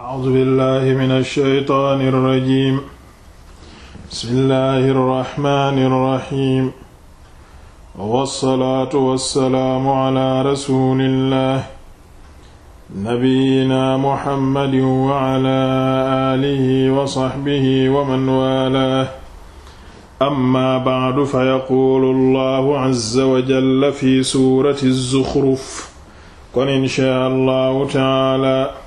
A'uuzu billaahi mina shaytaani rajiim. Bismillaahi rahmaani rahiim. Wassalaatu wassalaamu alaa rasuulillaah. Nabiyyinaa Muhammadin wa alaa aalihi wa sahbihi wa man waalaah. Ammaa ba'du fayaquulu Allaahu azza wa jalla fi suurati az-Zukhruf. Kon inshaa Allahu ta'aala.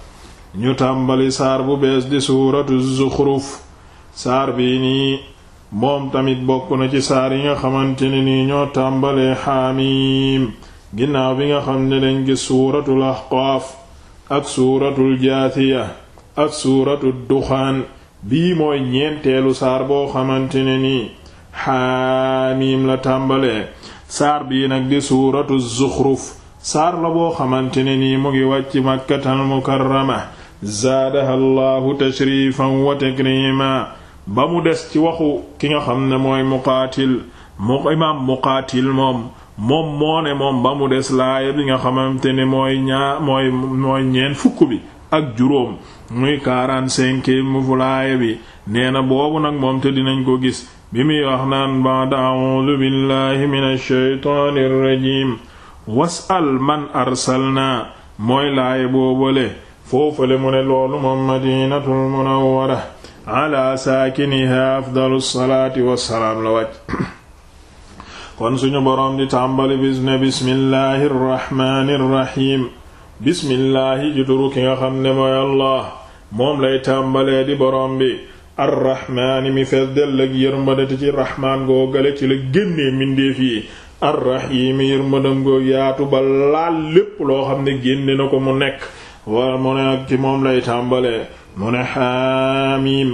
ñu tàmbali saar bu bees di suuratu zuxruf saar bii nii moom tamit bokk na ci saar yi nga xamante ne nii ñoo tàmbalee xaamiim ginnaaw bi nga xam ne dañ gis suuratul ahqaaf ak suuratul jaathiya ak suuratul duxaan bii mooy ñeenteelu saar boo xamante ne nii xaamiim la tàmbalee saar bii nag di suuratu zuxruf saar la boo xamante ne nii mu ngi wàcc makkatal mukarrama zaadaha allahu tashrifan wa takrima ba mu des ci waxu ki nga xam ne mooy muqaatil mu moom moom moo ne moom ba mu des laaya bi nga xamante ne mooy ñaa mooy mooy ñeent fukk bi ak juróom muy quarante-cinq mu fu laaya bi nee na boobu nag moom te dinañ ko gis bi muy wax naan ba'da a'uudu billahi minash shaytaanir rajiim was'al man arsalnaa mooy laaya boobale foofale mu ne loolu moom madinatul munawwara ala saakiniha afdalu salaati wassalaam la wàcc kon suñu boroom di tàmbali bis ne bismillahi xam ne mooy moom lay tàmbalee di boroom bi arrahmaani mi fees dell ak yërmadati ci rahmaan googale ci la génnee mbindeef yi arrahiimi yërmadam goo yaatu ba lépp loo xam ne génne na ko mu nekk wa mu ne nag ci moom lay tàmbalee mu ne xaamiim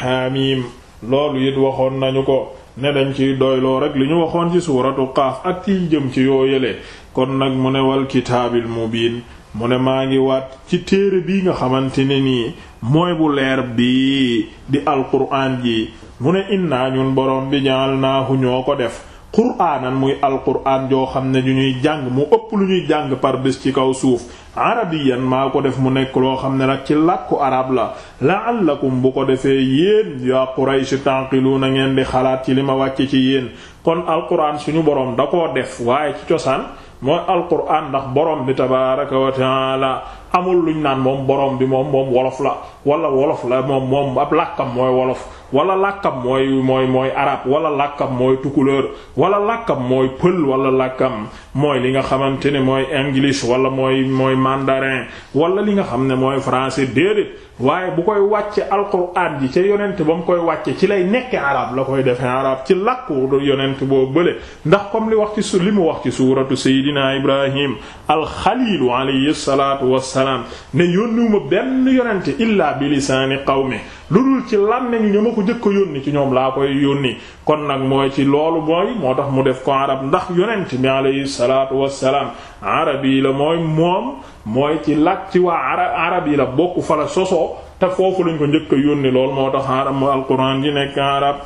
xaamiim loolu it waxoon nañu ko ne dañ ciy doyloo rek li ñu waxoon ci suuratu qaaf ak ciy jëm ci yoo yële kon nag mu ne wal kitaabil mubiin mu ne maa ngi waat ci téere bii nga xamante ne nii mooy bu leer bii di alquraan ji mu ne innaa ñun borom bi naa ja'alnaahu ñoo ko def quraanan muy alquraan joo xam ne ju ñuy jàng mu ëpp lu ñuy jàng par bés ci kaw suuf arabiyan maa ko def mu nekk loo xam ne nag ci làkku arab la la'allakum bu ko defee yéen yaa Quraysh tanqiluuna ngeen di xalaat ci li ma wàcc ci yéen kon alquran suñu boroom da koo def waaye ci cosaan mooy alquran ndax borom bi tabaaraka wa taala amul luñ naan moom boroom bi moom moom wolof la wala wolof la moom moom ab làkkam mooy wolof wala làkkam mooy mooy arab wala làkkam mooy tukulóor wala làkkam mooy pël wala làkkam mooy li nga xamante ne mooy english wala mooy mandarin wala li nga xam ne mooy français déedéet waaye bu koy wàcce alquran ji ca yonent ba mu koy wàcce ci lay nekke arab la koy defee arab ci làkku yonent boo bële ndax comme li wax ci su li wax ci suuratu seydina ibrahim alxalilu alayhi salaatu wassalaam ne yónniwuma benn yonent illaa bi lisaani qawmi lu dul ci làmmeñu ñu ma ko jëkk ko yónni ci ñoom laa koy yónni kon nag mooy ci loolu mooy moo tax mu def ko arab ndax yonent bi alayhi salaatu wassalaam arab yi la mooy moom mooy ci làkk ci waa arab arab yi la bokk fa la sosoo te foofu lañ ko njëkk a yónni loolu moo tax arab mu alquran ji nekk arab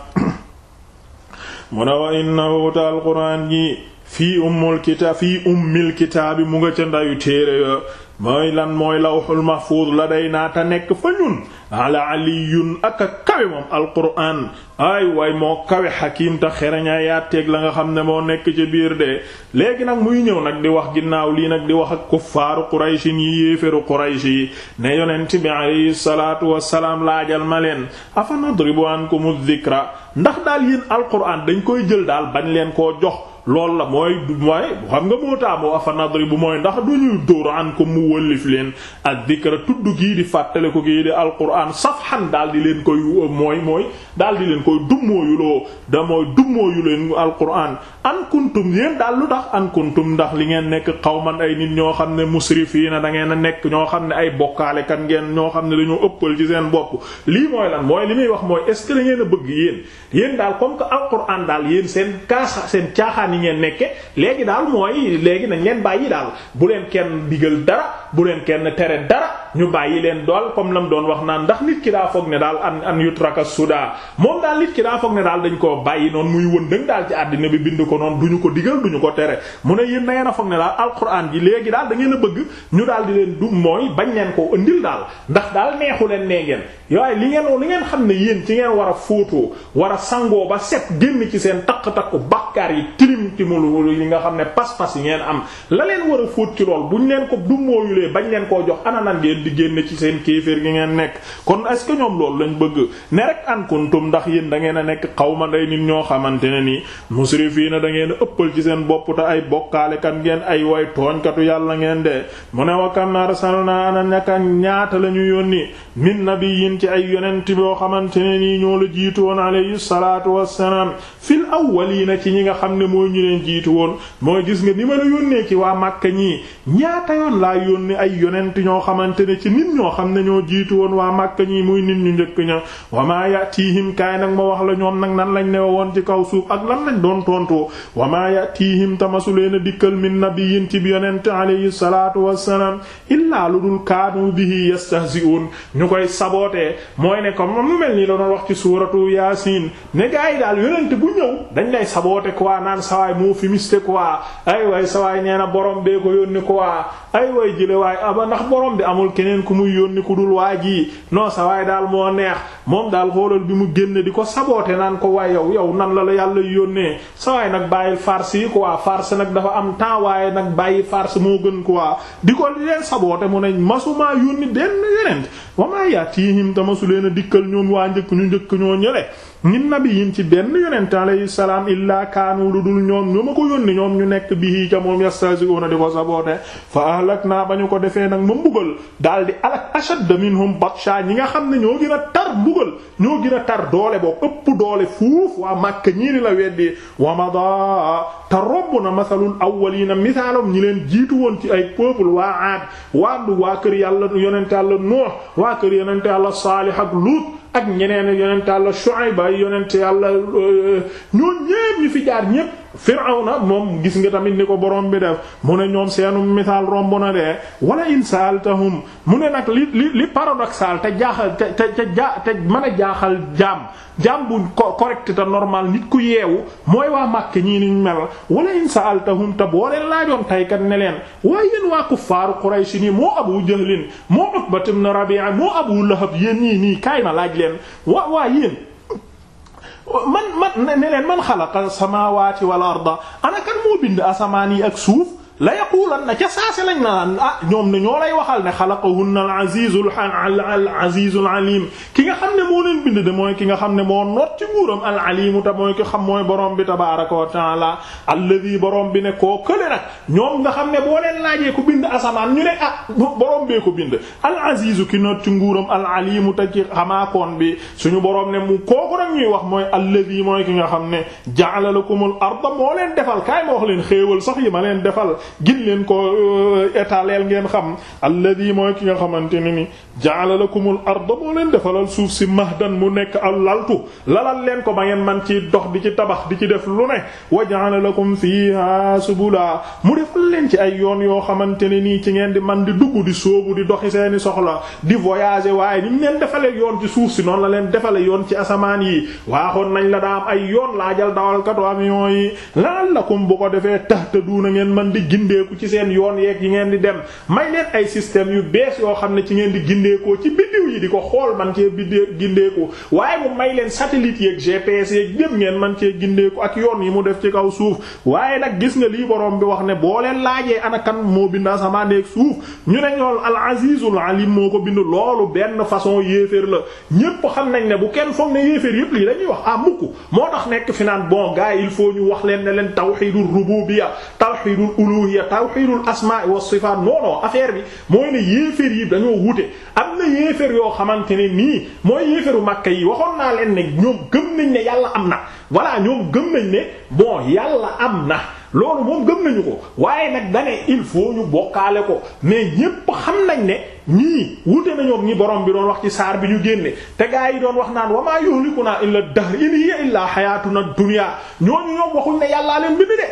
mu ne wa innahu ta alquran ji fii ummul kitaab fii ummil kitaabi mu nga ca ndayu téere yo mooy lan mooy lawxul mahfuuz la day naata nekk fa ñun ala aliyun ak a kawe moom alquran ay waay moo kawe xakim te xereñaa yaateeg la nga xam ne moo nekk ci biir de léegi nag muy ñëw nag di wax ginnaaw lii nag di wax ak kuffaaru quraysin yi yéeféru quraysh yi ne yonent bi alayhi salaatu wassalaam laajal ma leen afa nadribu ankumu dhikra ndax daal yéen alquran dañ koy jël daal bañ leen koo jox loolu la mooy du mooy xam nga moo taamu afa nadri bu mooy ndax du ñuy dóor an ko mu wëllif leen ak dikra tudd kii di fàttale ko kii di alquran safhan daal di leen koy mooy mooy daal di leen koy dummóoyuloo da mooy dummóoyu leen alquran an kuntum yéen daal lu tax an ndax li ngeen nekk xawman ay nit ñoo xam ne musrifiina da ngeen nekk ñoo xam ne ay bokkaale kan ngeen ñoo xam ne dañoo ëppal ci seen bopp lii mooy lan mooy li muy wax mooy est a bëgg yéen yéen daal comme que alquran daal yéen seen kaasa seen caaxaan yi ngeen nekke léegi daal mooy léegi nañ leen bàyyi daal bu leen kenn digal dara bu leen kenn tere dara ñu bàyyi leen dool comme lam doon wax naan ndax nit ki daa foog ne daal an an yutraka suda moom daal nit ki daa foog ne daal dañ koo bàyyi noonu muy wëndëng daal ci àddina bi bind ko noonu duñu ko digal duñu ko tere mu ne yéen na ngeen a foog ne daal alquran ji léegi daal da ngeen a bëgg ñu daal di leen du mooy bañ leen ko ëndil daal ndax daal neexu leen nee ngeen yooyu li ngeen li ngeen xam ne yéen ci ngeen war a fóotoo war a sangoo ba set génn ci seen takk-takku bakkaar yi tilim ci mulu yi nga xam ne pas-pas yi ngeen am la war a fóot ci lool leen ko du mooyulee bañ leen koo jox ana nan di génne ci seen kéeféer gi ngeen nekk kon est ce que ñoom loolu lañ bëgg ne rek an kuntum ndax yéen da a nekk xawma day nit ñoo xamante ne nii musrifiina da a ëppal ci seen bopp te ay bokkaale kan ngeen ay way tooñkatu yàlla ngeen de mu ne wa kam arsalna ana naka ñaata la yónni min nabiyyin ci ay yonent boo xamante ne nii ñoo la jiitu woon alayhi salaatu wassalaam fil awwaliina ci ñi nga xam ne mooy ñu leen jiitu woon mooy gis nga ni jëlee ci nit ñoo xam ne ñoo jiitu woon waa Màkka ñi muy nit ñu njëkk ña wa maa ya'tiihim kaay nag ma wax la ñoom nag nan lañ newe woon ci kaw suuf ak lan lañ doon tontoo wa maa ya'tiihim tamasuleena dikkal min nabiyyin ci bi yonent alayhi salaatu wassalaam illaa lu dul kaanu bihi yastahzi'uun ñu koy sabootee mooy ne comme mu mel nii la doon wax ci suuratu Yaasiin ne gaa yi daal yonent bu ñëw dañ lay saboote quoi naan sawaay moo fi miste quoi ay way sawaay nee na ko yónni quoi ay way waay aba keneen ku muy yónni ku dul waa ji noo sa daal moo neex moom daal xoolal bi mu génnee di ko saboote naan ko waay yow yow nan la la yàlla yónnee sa waay nag bàyyil farce yi waa farce nag dafa am temps waaye nag bàyyi farce moo gën ko waa di ko leen saboote mu ne masumaa yónni benn yeneen wamaa yaatihim tamasu leen a dikkal ñoom waa njëkk ñu njëkk ñoo ñële min nabiyin ci benn yonent alayhi salaam illaa kaanu lu dul ñoom ñoo ma ko yónni ñoom ñu nekk bihi ca moom yastahzi'una di ko saboote fa ahlakna ba ñu ko defee nag ma mbugal daal di alak ashad minhum batsha ñi nga xam ne ñoo gën a tar mbugal ñoo gën a tar doole boo ëpp doole fuuf waa Makka ñii ni la weddi wa mada te robb na masalul awwalina misaalom ñi leen jiitu woon ci ay peuple waa aad waa du waa kër yàlla yonent yàlla Nuux waa kër yonent yàlla Saalih ak ak ñeneen yonent yàlla Shuayb ay yonent yàlla euh, ñoo ñépp ñu fi jaar Firawna moom gis nga tamit ni ko borom bi def mu ne ñoom seenu misaal romb na de wala insaltahum mu ne nag li li li paradoxal te jaaxal te te ja te mën a jaaxal jaam jaam bu correct te normal nit ku yeewu mooy waa Màkka ñii niñ mel wala insaltahum te boo leen laajoon taykat ne leen waaye yéen waa kuffaaru Quraysh nii moo Abu Jahlin moo Utbat ibn Rabi'a moo Abu Lahab yéen ñii nii kaay ma laaj leen waa waa yéen man man ne leen man xalaqa samaawaati wal arda ana kan moo bind asamaan yi ak suuf la yaqulan na ca saase lañ naan ah ñoom ne ñoo lay waxal ne xalaqahunna al-azizul al-azizul alim ki nga xam ne moo leen bind de mooy ki nga xam ne moo noot ci nguuram al-alimu ki xam mooy borom bi tabaaraka wa taala alladhi borom bi ne koo nga xam ne boo leen laajee ku bind asamaan ñu ne ah borom bee ko bind al-azizu ki noot ci nguuram al-alimu te ci xamaakoon bi suñu borom ne mu kooku nag ñuy wax mooy alladhi mooy ki nga xam ne ja'ala lakumul arda moo leen defal kaay ma wax leen xéewal sax yi ma leen defal gin leen ko euh, étaleel ngeen xam alladi mooy ki nga xamante ne ni jaala lakumul arda moo leen defalal suuf si mahdan mu nekk al laltu lalal leen ko ba ngeen man ci dox di ci tabax di ci def lu ne wa jaala lakum fiha subula mu defal leen ci ay yoon yoo xamante ne nii ci ngeen di man di dugg di sóobu di doxi seeni soxla di voyager waaye ni mu leen defalee yoon ci suuf si noon la leen defalee yoon ci asamaan yi waaxoon nañ la daa am ay yoon laajal dawalkatu avion yi laal lakum bu man di gindeeku ci seen yoon yeeg yi ngeen di dem may leen ay système yu bees yoo xam ne ci ngeen di gindeekoo ci biddiw yi di ko xool man cee biddee gindeeku waaye mu may leen satelite yeeg GPS yeeg yëpp ngeen man cee gindeeku ak yoon yi mu def ci kaw suuf waaye nag gis nga lii borom bi wax ne boo leen laajee ana kan moo bind asamaan ak suuf ñu ne ñool al-azizul alim moo ko bind loolu benn façon yéeféer la ñépp xam nañ ne bu kenn foog ne yéeféer yépp lii dañuy wax ah mukk moo tax nekk fi naan bon gars il faut ñu wax leen ne leen tawhidul rububiyya tawxiidul uluhiyya tawxiidul asmaa wa sifaat non non affaire bi mooy ne yéeféer yi dañoo wute am na yéeféer yoo xamante ne nii mooy yéeféeru Makka yi waxoon naa leen ne ñoom gëm nañ ne yàlla am na voilà ñoom gëm nañ ne bon yàlla am na loolu moom gëm nañu ko waaye nag dane il faut ñu bokkaale ko mais ñépp xam nañ ne ñii wute nañoo ñi borom bi doon wax ci saar bi ñu génne te gaa yi doon wax naan wa maa yuhlikunaa illa dahr in hiya illaa hayaatuna dunya ñooñu ñoom waxuñ ne yàllaa leen bind de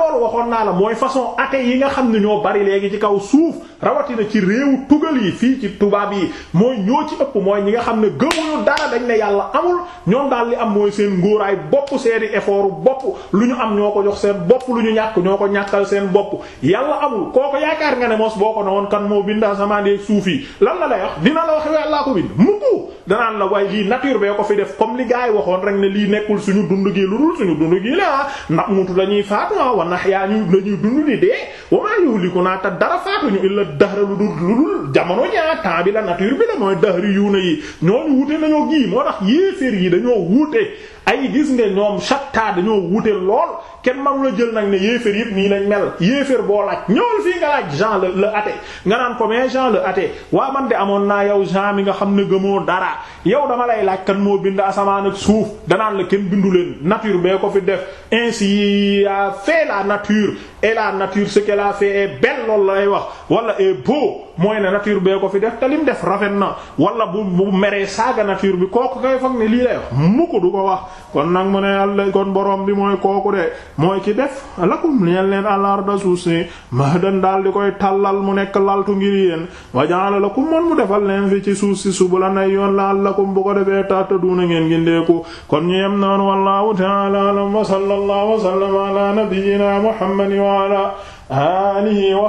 loolu waxoon naa la mooy façon athée yi nga xam ne ñoo bari léegi ci kaw suuf rawatina ci réewu tugal yi fii ci tubaab yi mooy ñoo ci ëpp mooy ñi nga xam ne gëmuñu dara dañ ne yàlla amul ñoom daal li am mooy seen ay bopp seeni effort bopp lu ñu am ñoo ko jox seen bopp lu ñu ñàkk ñoo ko ñàkkal seen bopp yàlla amul kooko yaakaar nga ne mos boo ko nowoon kan moo bind asamaan yeeg suuf yi lan la lay wax dina la wax yàllaa ko bind mukku danaan la waaye lii nature bee ko fi def comme li gaay waxoon rek ne lii nekkul suñu dund gi lu dul suñu gi la ah ndax mutu lañuy faatu ah ndax yaa ñu lañuy dund dee wamaa yuhliku naa te dara faatuñu illa dahra lu dul lu dul jamono ñaa ah, temps bi la nature bi la mooy dahri yu na yi ñooñu wute nañoo gii moo tax yéeféer yi dañoo wute ay gis nga ñoom chatta dañoo wute lool kenn manu la jël nag ne yéeféer yëpp nii lañ mel yéeféer boo laaj ñool fii nga laaj Jean le le nga naan ko mais Jean le athée waa man de amoon naa yow Jean mi nga xam ne gëmoo dara yow dama lay laaj kan moo bind asamaan ak suuf danaan la kenn bindu leen nature bee ko fi def ainsi a fait la nature e la nature ce qu'elle a fait est belle lay wax wala e beau mooy ne nature bee ko fi def te def rafet na wala bu bu meree saaga nature bi kooku kay foog ne lii lay wax du ko wax kon nag mu ne yàlla kon boroom bi mooy kooku de mooy ki def lakum ñeel leen alarda suuf si mahdan daal di koy tàllal mu nekk laltu ngir yéen wa la lakum moon mu defal leen fi ci suuf si subulan ay yoon la'allakum bu ko defee tattaduna ngeen gindeeku kon ñu yem noon wallahu ta'ala alam wa sallallahu wa sallama ala nabiyyina muhammadin wa ala alihi wa